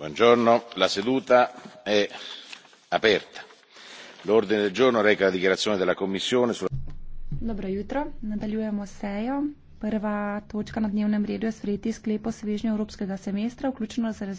buongiorno la seduta è aperta l'ordine del giorno reca la dichiarazione della commissione sulla Dobro jutro. Nadaljujemo sejo. Prva točka na dnevnem redu je sprejeti sklep o svežnju evropskega semestra, vključno z raziskavami.